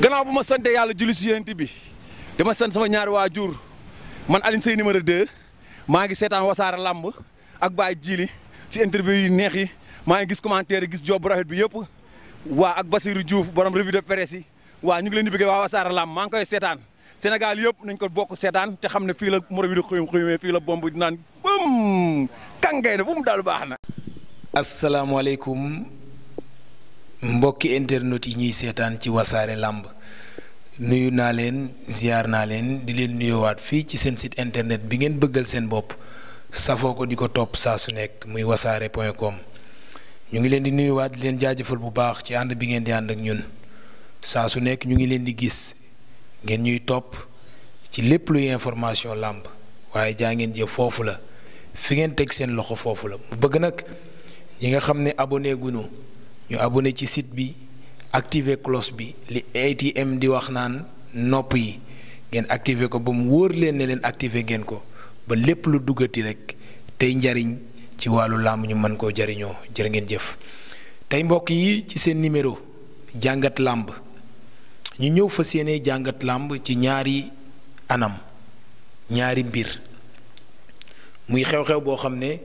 gannaaw bu ma santee yàlla julli si yénent bi dama sant sama ñaari waajur man Alioune Seye numéro 2 maa ngi seetaan wasaara làmb ak Baye Djili ci interview neex yi maa ngi gis commentaire yi gis job bu rafet bi yëpp waa ak Basirou Diouf borom bi de presse yi waa ñu ngi leen bi bëgg waa wasaara làmb maa ngi koy seetaan Sénégal yëpp nañ ko bokk seetaan te xam ne fii la moro bi di xuyum xuyumee fii la bomb dinaan bum kàngay na bu mu daal baax na asalaamaaleykum mbokki internet yi ñuy seetaan ci wasaare làmb nuyu naa leen ziar naa leen di leen nuyoowaat fii ci seen sit internet bi ngeen bëggal seen bopp safoo ko di ko topp saa su nekk muy wasaare point com ñu ngi leen di nuyuwaat leen jaajëfal bu baax ci ànd bi ngeen di ànd ak ñun saa su nekk ñu ngi leen di gis ngeen ñuy topp ci lépp luy information làmb waaye jaa ngeen jëf foofu la fi ngeen teg seen loxo foofu la mu bëgg nag ñi nga xam ne abonné gunu ñu abone ci site bi. activer cloche bi li ATM di wax naan nopp yi ngeen activer ko ba mu wóor leen ne leen activer ngeen ko ba lépp lu duggati rek tey njariñ ci wàllu làmb ñu mën koo jariñoo jërë ngeen jëf tey mbokk yi ci seen numéro jàngat làmb ñu ñëw fa yéene jàngat làmb ci ñaari anam ñaari mbir muy xew-xew boo xam ne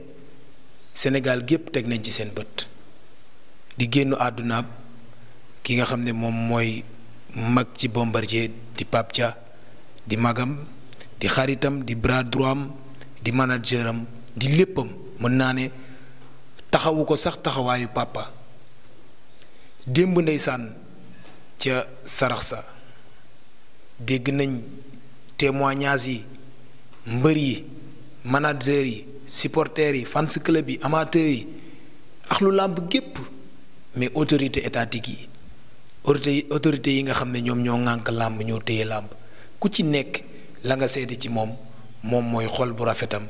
senegal gépp teg nañ ci seen bët di génnu àdduna ki nga xam ne moom mooy mag ci Bombardier di Pape ca di magam di xaritam di bras droit am di manager am di léppam mën naa ne taxawu ko sax taxawaayu papa démb ndeysaan ca sarax sa dégg nañ témoignages yi mbër yi manager yi supporters yi fans club yi amateurs yi ak lu gépp mais autorité étatique yi autorité autorité yi nga xam ne ñoom ñoo ŋànk làmb ñoo téye làmb ku ci nekk la nga seede ci moom moom mooy xol bu rafetam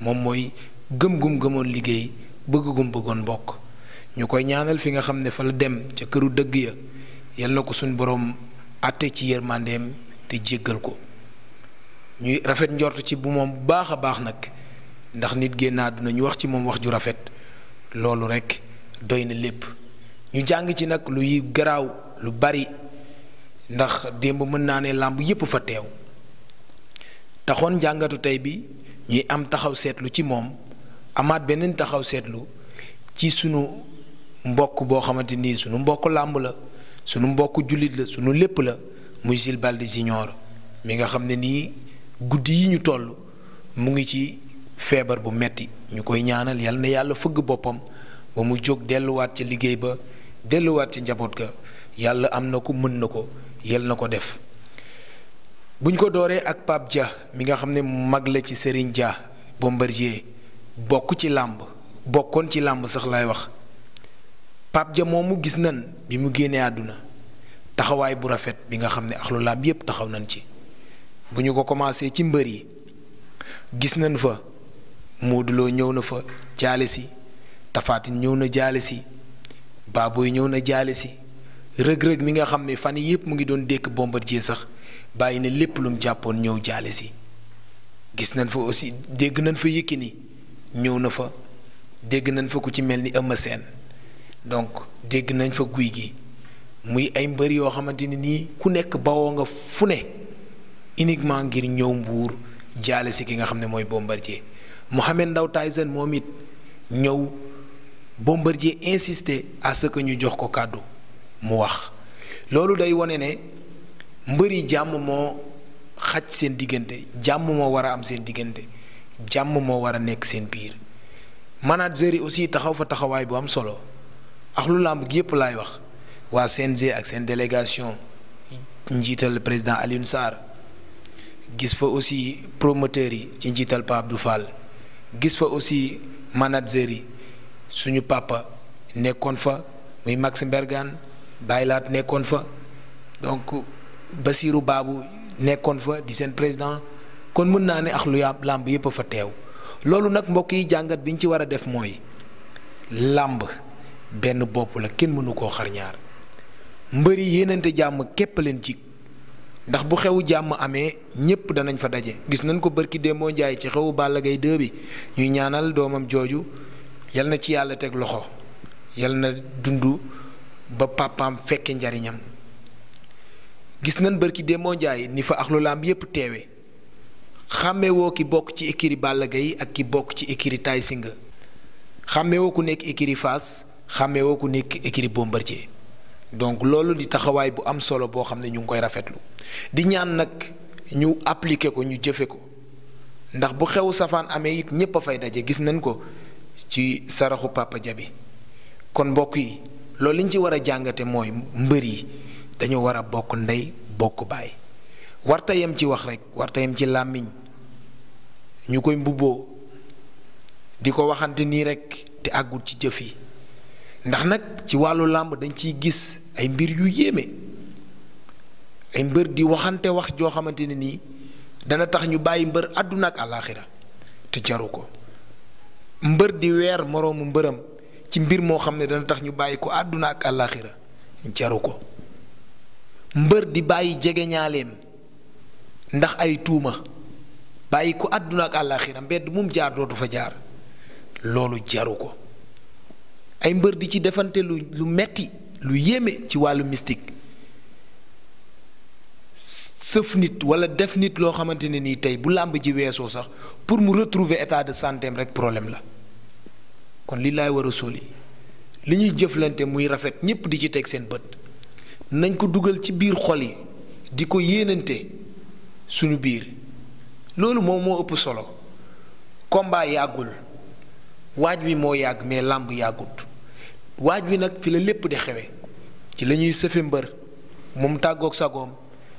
moom mooy gëm gum gëmoon liggéey bëgg gum bëggoon mbokk ñu koy ñaanal fi nga xam ne fa la dem ca këru dëgg ya yal na ko suñ borom àtte ci yërmandeem te jéggal ko ñuy rafet njort ci bu moom bu baax a baax nag ndax nit génn àdduna ñu wax ci moom wax ju rafet loolu rekk doy na lépp ñu jàng ci nag lu luy garaaw lu bari ndax démb mën naa ne làmb yépp fa teew taxoon njàngatu tey bi ñuy am taxaw seetlu ci moom amaat beneen taxaw seetlu ci sunu mbokk boo xamante ni sunu mbokk làmb la sunu mbokk jullit la sunu lépp la muy Jules di Junior mi nga xam ne nii guddi yi ñu toll mu ngi ci feebar bu metti ñu koy ñaanal yal na yàlla fëgg boppam ba mu jóg delluwaat ca liggéey ba delluwaat ca njaboot ga yàlla am na ko mën na ko yel na ko def buñ ko dooree ak Pape ja mi nga xam ne mag la ci Serigne Dia Bombardier bokk ci làmb bokkoon ci làmb sax laay wax Pape ja moomu gis nan bi mu génnee àdduna taxawaay bu rafet bi nga xam ne axlu làmb yépp taxaw nañ ci bu ñu ko commencé ci mbër yi gis nañ fa Modou Lo ñëw na fa jaale si Tapha ñëw na jaale si Baboy ñëw na jaale si rëg-rëg mi nga xam ne fan yépp mu ngi doon dékk Bombardier sax bàyyi na lépp lu jàppoon ñëw jaale si gis nañ fa aussi dégg nañ fa yëkk ni ñëw na fa dégg nañ fa ku ci mel ni Eumeu Sène donc dégg nañ fa guy gi muy ay mbër yoo xamante ni nii ku nekk bawoo nga fu ne uniquement ngir ñëw mbuur jaale si ki nga xam ne mooy mu Mohamed ndaw Tyson moom it ñëw Bombardier insister à ce ñu jox ko kàddu mu wax loolu day wane ne mbëri jàmm moo xaj seen diggante jàmm moo war a am seen diggante jàmm moo war a nekk seen biir manager yi aussi taxaw fa taxawaay bu am solo ak lu làmb gi yépp laay wax waa CNG ak seen délégation njiital président Alioune Sarr gis fa aussi promoteurs yi ci njiital Pape du Fall gis fa aussi manager yi suñu papa nekkoon fa muy Maxime mbergan Baye Laat nekkoon fa donc basiiru Baabu nekkoon fa di seen président kon mën naa ne ax lu yaab làmb yëpp a fa teew loolu nag mbokk yi jàngat bi ñu ci war a def mooy làmb benn bopp la kenn mënu koo xar ñaar mbëri yéenante jàmm képp leen ci ndax bu xewu jàmm amee ñépp danañ fa daje gis nañ ko bërki démboo njaay ci xewu Balla Gaye 2 bi ñuy ñaanal doomam jooju yal na ci yàlla teg loxo yal na dund ba papaam fekke njariñam gis nañ ki demoo njaay ni fa axlu lamb yépp teewe xàmmewoo ki bokk ci écurie Balla Gaye ak ki bokk ci écurie Tay Shinga xàmmewoo ku nekk écurie Fass xàmmewoo ku nekk écurie Bombardier donc loolu di taxawaay bu am solo boo xam ne ñu ngi koy rafetlu di ñaan nag ñu applike ko ñu jëfe ko ndax bu xewu safaan amee it ñépp a fay daje gis nañ ko ci saraxu Papa Jabi kon mbokk yi loolu liñ ci war a jàngate mooy mbër yi dañu war a bokk ndey bokk baay warta yem ci wax rek warta ci làmmiñ ñu koy mbubboo di ko waxante nii rekk te àggut ci jëf yi ndax nag ci wàllu làmb dañ ciy gis ay mbir yu yéeme ay mbër di waxante wax joo xamante ne nii dana tax ñu bàyyi mbër àdduna ak àllaaxira te jaru ko mbër di weer moroomu mbëram ci mbir moo xam ne dana tax ñu bàyyi ko àdduna ak àllaaxira jaru ko mbër di bàyyi jege ñaaleem ndax ay tuuma bàyyi ko àdduna ak àllaaxira mbedd mum jaar dootu fa jaar loolu jaru ko ay mbër di ci defante lu lu metti lu yéeme ci wàllu mystique sëf nit wala def nit loo xamante ne nii tey bu làmb ji weesoo sax pour mu retrouver état de santé rek problème la kon li laay war a sóoli li ñuy jëflante muy rafet ñépp di ci teg seen bët nañ ko dugal ci biir xol yi di ko yéenante suñu biir loolu moom moo ëpp solo komba yàggul waaj wi moo yàgg mais làmb yàggut waaj wi nag fi la lépp di xewe ci la ñuy sëfe mbër moom tàggook sagoom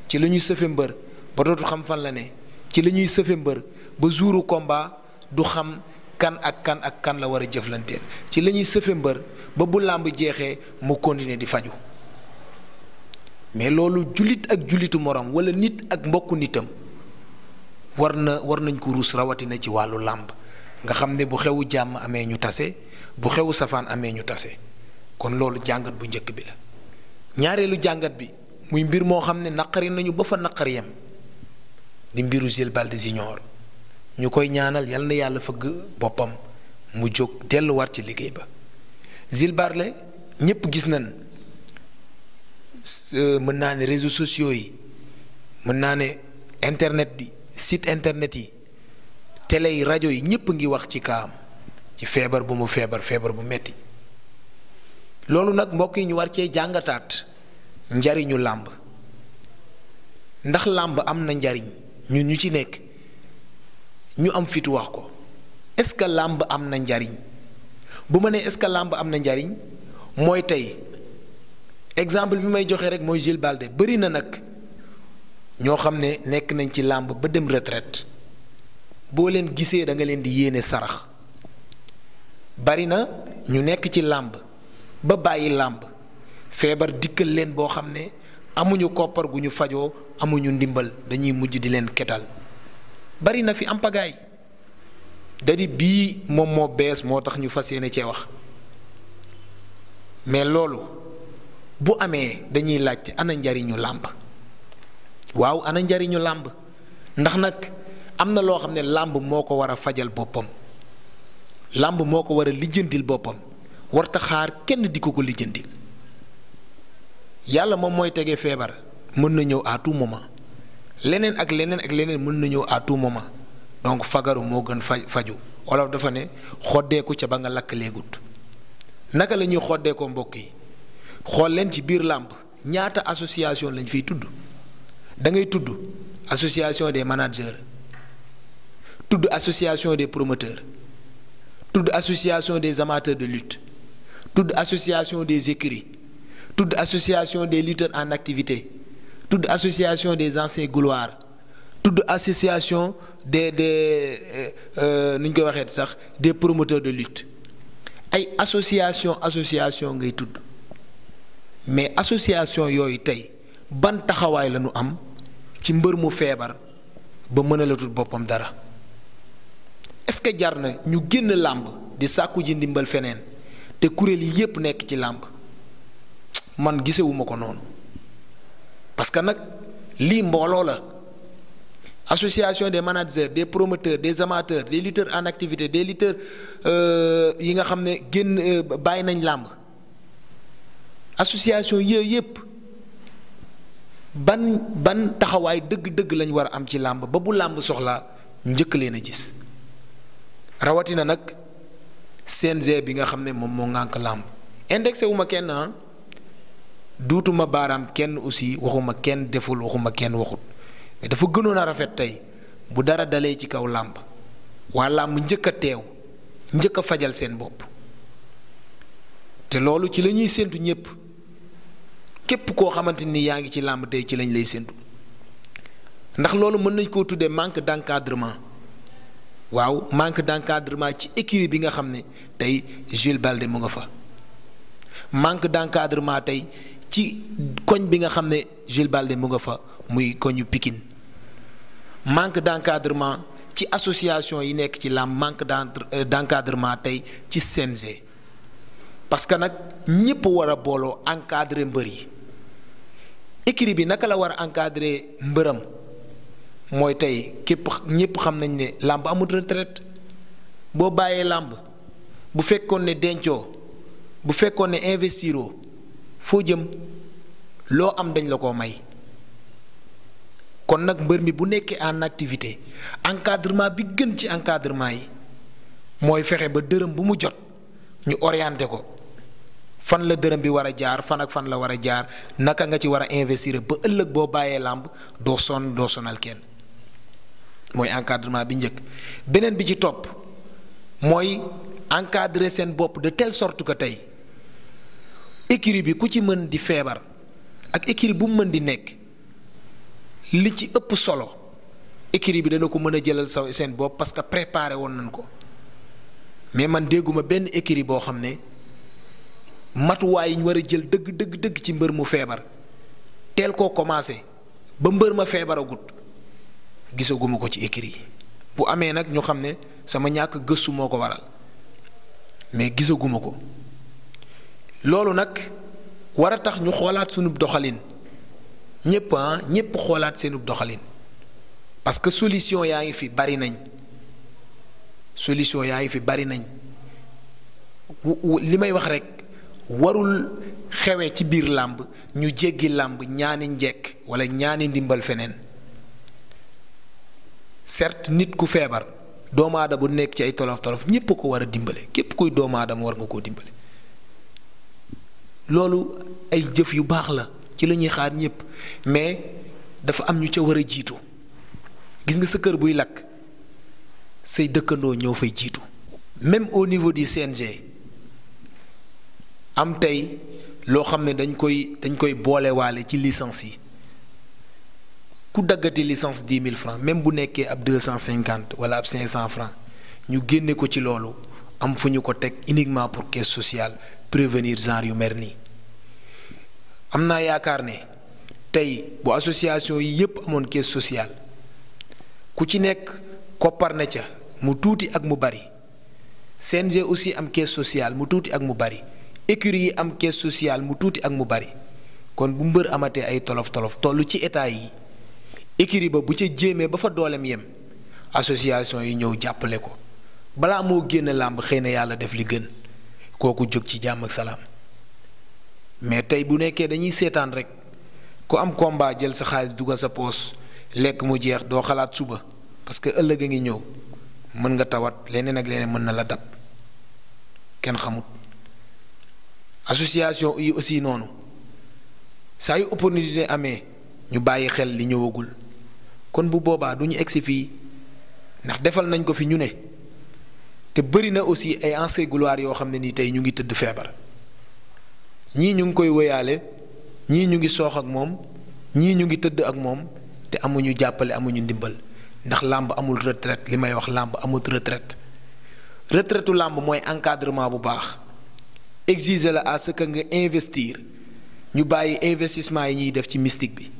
ci la ñuy sëfe mbër ba dootul xam fan la ne ci la ñuy sëfe mbër ba jouru komba du xam kan ak kan ak kan la war a jëflanteel ci la ñuy sëfe mbër ba bu làmb jeexee mu continuer di faju mais loolu jullit ak jullitu moroom wala nit ak mbokku nitam war na war nañ ko rus rawatina ci wàllu làmb nga xam ne bu xewu jàmm amee ñu tase bu xewu safaan amee ñu tase kon loolu jàngat bu njëkk bi la ñaareelu jàngat bi muy mbir moo xam ne naqari nañu ba fa naqar di mbiru Jules Baldé Junior ñu koy ñaanal yal na yàlla fëgg boppam mu jóg delluwaat ci liggéey ba Jules Barlé ñépp gis na euh, mën naa ne réseaux sociaux yi mën naa ne internet bi sit internet yi tele yi rajo yi ñépp ngi wax ci kaam ci feebar bu mu feebar feebar bu metti loolu nag mbokk yi ñu war cee jàngataat njariñu làmb ndax làmb am na njariñ ñun ñu ci nekk ñu am fitu wax ko est-ce que làmb am na njariñ bu ma nee est-ce que làmb am na njariñ mooy tey exemple bi may joxe rek mooy Jules Balde na nag ñoo xam ne nekk nañ ci làmb ba dem retraite boo leen gisee da nga leen di yéene sarax bari na ñu nekk ci làmb ba bàyyi làmb feebar dikkal leen boo xam ne amuñu koppar gu ñu fajoo amuñu ndimbal dañuy mujj di leen ketal bari na fi ampagaay pagaay bii moom moo bees moo tax ñu fas yéene cee wax mais loolu bu amee dañuy laajte ana njariñu làmb waaw ana njariñu làmb ndax nag am na loo xam ne làmb moo ko war a fajal boppam làmb moo ko war a lijjantil boppam warta xaar kenn di ko ko lijjantil yàlla moom mooy tege feebar mën na ñëw à tout moment leneen ak leneen ak leneen mën na ñëw à tout moment donc fagaru moo gën faj faju olof dafa ne xoddeeku ca ba nga lakk léegut naka la ñuy xoddeekoo mbokk yi xool leen ci biir làmp ñaata association lañ fiy tudd da ngay tudd association des managers tudd association des promoteurs tudd association des amateurs de lutte tudd association des écuries tudd association des lutteurs en activité tudd association des anciens gloires tudd association des de euh, euh, nu koy waxee sax des promoteurs de lutte ay association association ngay tudd mais association yooyu tey ban taxawaay la ñu am ci mbër mu feebar ba mëna a la tudd boppam dara est-ce que jar na ñu génn làmb di sàkku ji ndimbal feneen te kuréel yi yépp nekk ci làmb man gisewuma ko noonu parce que nag lii mbooloo la association des managers des promoteurs des amateurs des lutteurs en activité des lutteurs euh, yi nga xam ne génn euh, bàyyi nañ làmb association yooyu yëpp ban ban taxawaay dëgg-dëgg lañ war a am ci làmb ba bu làmb soxlaa njëkk leen a gis rawatina nag CNG bi nga xam ne moom moo ŋànk làmb indexé wu ma kenn ah. duutuma baaraam kenn aussi waxuma kenn deful waxuma kenn waxut dafa gënoon a rafet tey bu dara dalee ci kaw làmb waa làmb njëkk a teew njëkk a fajal seen bopp te loolu ci lañuy ñuy séntu ñépp képp koo xamante ni yaa ngi ci làmb tey ci lañ lay séntu ndax loolu mën nañ koo tuddee manque d'encadrement waaw manque d'encadrement ci écurie bi nga xam ne tey Jules Balde mu nga fa manque d'encadrement tey ci koñ bi nga xam ne Jules mu nga fa muy koñu pikin manque d'encadrement ci association yi nekk ci làmb manque euh, d'encadrement tey ci CNG parce que nag ñépp war a booloo encadre mbër yi écurie bi naka la war a encadrer mbëram mooy tey képp ñépp xam nañ ne làmb amul retraite boo bàyyee làmb bu fekkoon ne dencoo bu fekkoon ne investiroo foo jëm loo am dañ la ko may kon nag mbër mi bu nekkee en activité encadrement bi gën ci encadrement yi mooy fexe ba dërëm bu mu jot ñu orienté ko fan la dërëm bi war a jaar fan ak fan la war a jaar naka nga ci war a investir ba ëllëg boo bàyyee làmb doo sonn doo sonal kenn mooy encadrement bi njëkk beneen bi ci topp mooy encadrer seen bopp de telle sorte que tey. écurie bi ku ci mën di feebar ak écurie bu mu mën di nekk li ci ëpp solo écurie bi dana ko mën a jëlal sa seen bopp parce que préparé woon nañ ko mais man dégguma benn écurie boo xam ne matuwaay yiñ war a jël dëgg dëgg dëgg ci mbër mu feebar teel koo commencé ba mbër ma feebaragut gisaguma ko ci écurie yi bu amee nag ñu xam ne sama ñàkk gëstu moo ko waral mais gisaguma ko. loolu nag war a tax ñu xoolaat sunub doxalin ñépp ah ñépp xoolaat seenub doxalin parce que solution yaa ngi fi bari nañ solution yaa ngi fi bari nañ li may wax rek warul xewe ci biir làmb ñu jéggi làmb ñaani njekk walla ñaani ndimbal feneen certes nit ku feebar doomu aadama nekk ci ay tolof tolof ñépp ko war a dimbale képp kuy doomu aadama war nga koo dimbale loolu ay jëf yu baax la ci la ñuy xaar ñëpp mais dafa am ñu ca war a jiitu gis nga sa kër buy lakk say dëkkandoo ñoo fay jiitu même au niveau du CNG am tey loo xam ne dañ koy dañ koy boolewaale ci licence yi ku daggati licence dix mille francs même bu nekkee ab deux cent cinquante wala ab cinq cent francs ñu génne ko ci loolu am fu ñu ko teg uniquement pour caisse sociale prévenir genre yu mer nii am naa yaakaar ne tey bu association yi yépp amoon caisse sociale ku ci nekk koppar na ca mu tuuti ak mu bari CNG aussi am caisse sociale mu tuuti ak mu bari écurie yi am caisse sociale mu tuuti ak mu bari kon bu mbër amatee ay tolof tolof toll ci état yi écurie ba bu ca jéemee ba fa dooleem yem association yi ñëw jàppale ko balaa moo génn làmb xëy na yàlla def li gën kooku jóg ci jàmm ak salaam mais tey bu nekkee dañuy seetaan rek ku am combat jël sa xaalis dugal sa poos lekk mu jeex doo xalaat suba parce que ëllëg a ngi ñëw mën nga tawat leneen ak leneen mën na la dab kenn xamut association yi aussi noonu saa yu opportunité amee ñu bàyyi xel li ñëwagul kon bu boobaa du ñu egsi fii ndax defal nañ ko fi ñu ne. te bëri na aussi ay anciens gloires yoo xam ne ni tey ñu ngi tëdd feebar ñii ñu ngi koy wéyaale ñii ñu ngi soox ak moom ñii ñu ngi tëdd ak moom te amuñu jàppale amuñu ndimbal ndax làmb amul retraite li may wax làmb amul retraite retraitu làmb mooy encadrement bu baax exiger la à que nga investir ñu bàyyi investissement yi ñuy def ci mystique bi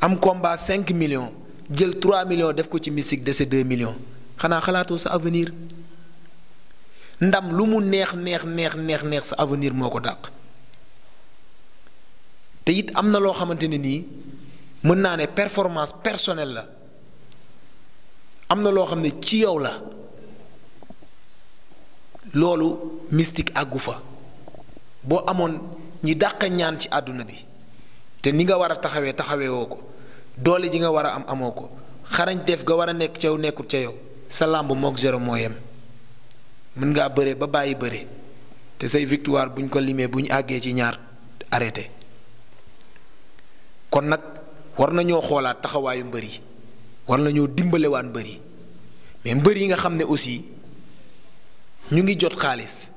am combat cinq millions jël trois millions def ko ci mystique dese 2 millions xanaa xalaatoo sa avenir. ndam lu mu neex neex neex neex neex sa avenir moo ko dàq te it am na loo xamante ne nii mën naa ne performance personnel la am na loo xam ne ci yow la loolu mystique àggu fa boo amoon ñi dàq ñaan ci àdduna bi te ni nga war a taxawee taxawee woo ko doole ji nga war a am amoo ko xarañ xarañteef nga war a nekk ca yow nekkul ca yow sa làmb mook zéro moo mën ngaa bëre ba bàyyi bëre te say victoire buñ ko limee ñu àggee ci ñaar arrêté kon nag war nañoo xoolaat taxawaayu mbër yi war nañoo dimbalewaan mbër yi mais mbër yi nga xam ne aussi ñu ngi jot xaalis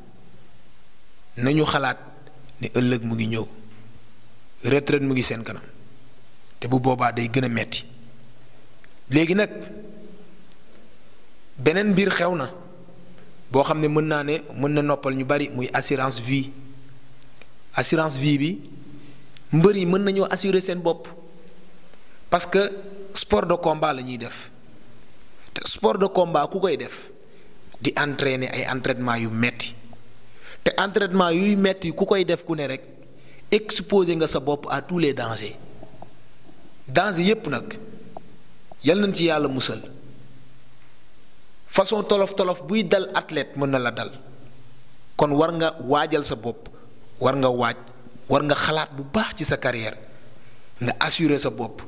nañu xalaat ne ëllëg mu ngi ñëw retraite mu ngi seen kanam te bu boobaa day gën a metti léegi nag beneen mbir xew na. boo xam ne mën naa ne mën na noppal ñu bari muy assurance vie assurance vie bi mbër yi mën nañoo assurer seen bopp parce que sport de combat la ñuy def sport de combat ku koy def di entraîner ay entraînement yu metti te entraînement yuy metti ku koy def ku ne rek exposer nga sa bopp à tous les dangers dangers yépp nag yal nañ ci yàlla musal. façon tolof tolof buy dal athlète mën na la dal kon war nga waajal sa bopp war nga waaj war nga xalaat bu baax ci sa carrière nga assurer sa bopp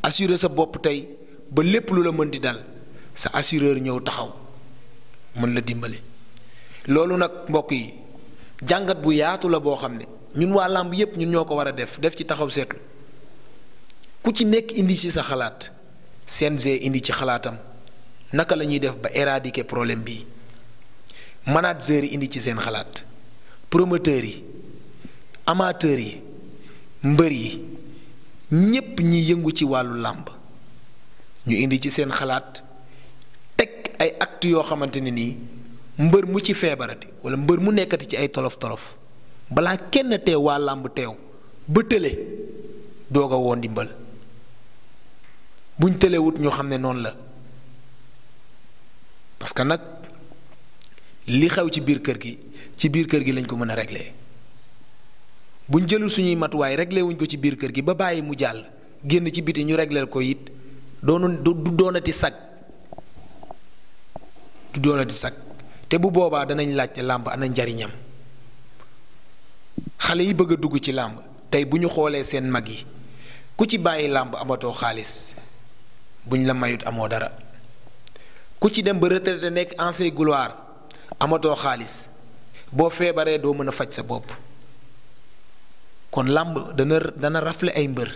assurer sa bopp tey ba lépp lu la mën di dal sa assureur ñëw taxaw mën la dimbali loolu nag mbokk yi jàngat bu yaatu la boo xam ne ñun waa làmb yépp ñun ñoo ko war a def def ci taxaw seetlu ku ci nekk indi ci sa xalaat CNG indi ci xalaatam naka lañuy def ba éradiquer problème bi managers yi indi ci seen xalaat promoteurs yi amateurs yi mbër yi ñépp ñi yëngu ci wàllu làmb ñu indi ci seen xalaat teg ay actes yoo xamante ni nii mbër mu ci feebarati wala mbër mu nekkati ci ay tolof tolof balaa kenn teew waa làmb teew ba tële doog a woon dimbal buñ tëlewut ñu xam ne noonu la parce que nag li xew ci biir kër gi ci biir kër gi lañ ko mën a régler buñ jëlul suñuy matuwaay régler ko ci biir kër gi ba bàyyi mu jàll génn ci biti ñu régler ko it doonu du doonati sag du sag te bu boobaa danañ laajte làmb ana njariñam xale yi bëgg a dugg ci làmb tey bu ñu xoolee seen mag yi ku ci bàyyi làmb amatoo xaalis buñ la mayut amoo dara ku ci dem ba retraité nekk ense gloire amatoo xaalis boo feebaree doo mën a faj sa bopp kon làmb dana dana rafle ay mbër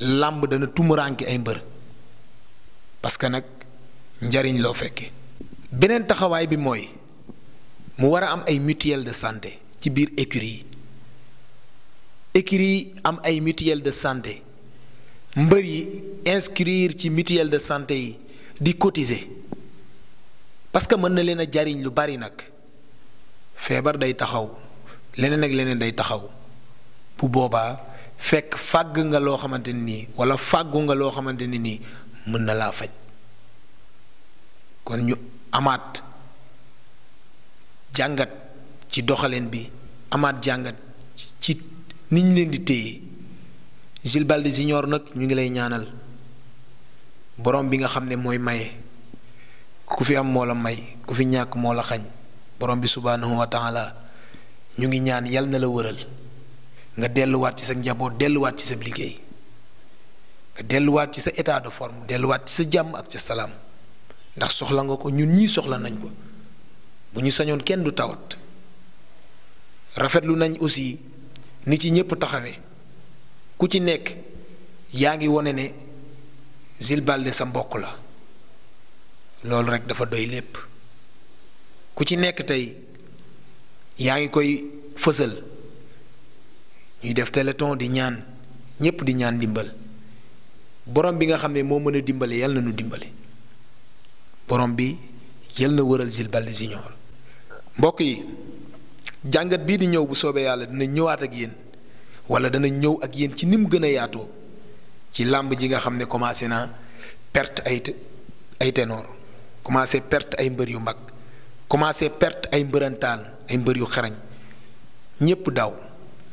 làmb dana tumuraanke ay mbër parce que nag njariñ loo fekke beneen taxawaay bi mooy mu war a am ay mutuelle de santé ci biir écurie yi écurie yi am ay mutuelle de santé mbër yi inscrire ci mutuelle de santé yi di cotiser parce que mën na leen a jariñ lu bari nag feebar day taxaw leneen ak leneen day taxaw bu boobaa fekk fàgg nga loo xamante ne nii wala fàggu nga loo xamante ne nii mën na laa faj kon ñu amaat jàngat ci doxalin bi amaat jàngat ci niñ leen di téye. Jules Baldé Junior nag ñu ngi lay ñaanal borom bi nga xam ne mooy maye ku fi am moo la may ku fi ñàkk moo la xañ borom bi subhaanahu wa taala ñu ngi ñaan yal na la wëral nga delluwaat ci sa njaboot delluwaat ci sa liggéey nga delluwaat ci sa état de forme delluwaat ci sa jàmm ak sa salaam ndax soxla nga ko ñun ñii soxla nañ ko bu ñu sañoon kenn du tawat rafetlu nañ aussi nit ci ñépp taxawee ku ci nekk yaa ngi wone ne Jules sa mbokk la loolu rekk dafa doy lépp ku ci nekk tey yaa ngi koy fësal ñuy def téléthon di ñaan ñépp di ñaan ndimbal borom bi nga xam ne moo mën a dimbale yal na nu dimbale borom bi yal na wëral Jules Baldé mbokk yi jàngat bii di ñëw bu soobee yàlla dina ñëwaat ak yéen wala danañ ñëw ak yéen ci ni mu gën a yaatoo ci làmb ji nga xam ne commencé naa perte ay ay ténor commencé perte ay mbër yu mag commencé perte ay mbërantaan ay mbër yu xarañ ñépp daw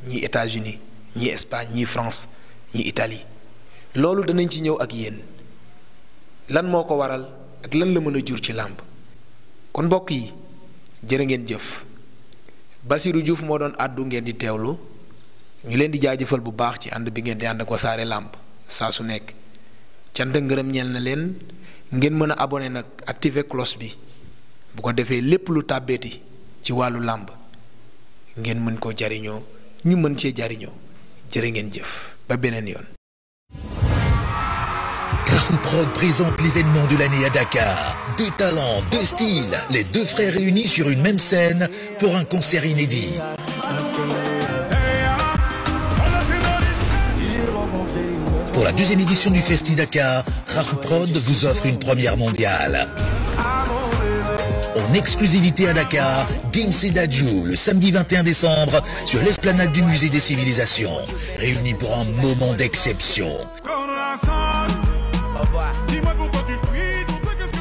ñii États-Unis ñii Espagne ñii France ñii itali loolu danañ ci ñëw ak yéen lan moo ko waral ak lan la mën a jur ci làmb kon mbokk yi jërë ngeen jëf Basirou Diouf moo doon àddu ngeen di teewlu ñu leen di jaajëfal bu baax ci ànd bi ngeen di ànd ko Wassare Lamb saa su nekk cant ngërëm ñeel na leen ngeen mën a abonné nag activer cloche bi bu ko defee lépp lu tàbbeeti ci wàllu làmb ngeen mën koo jariñoo ñu mën cee jariñoo jërë ngeen jëf ba beneen yoon. Prod présente l'événement de l'année à Dakar. Deux talents, les deux frères réunis sur une même scène pour pour la deuxième édition du Festi Dakar, Rahu Prod vous offre une première mondiale. En exclusivité à Dakar, Gims Dadju, le samedi décembre, sur l'esplanade du Musée des Civilisations, réunis pour un moment d'exception.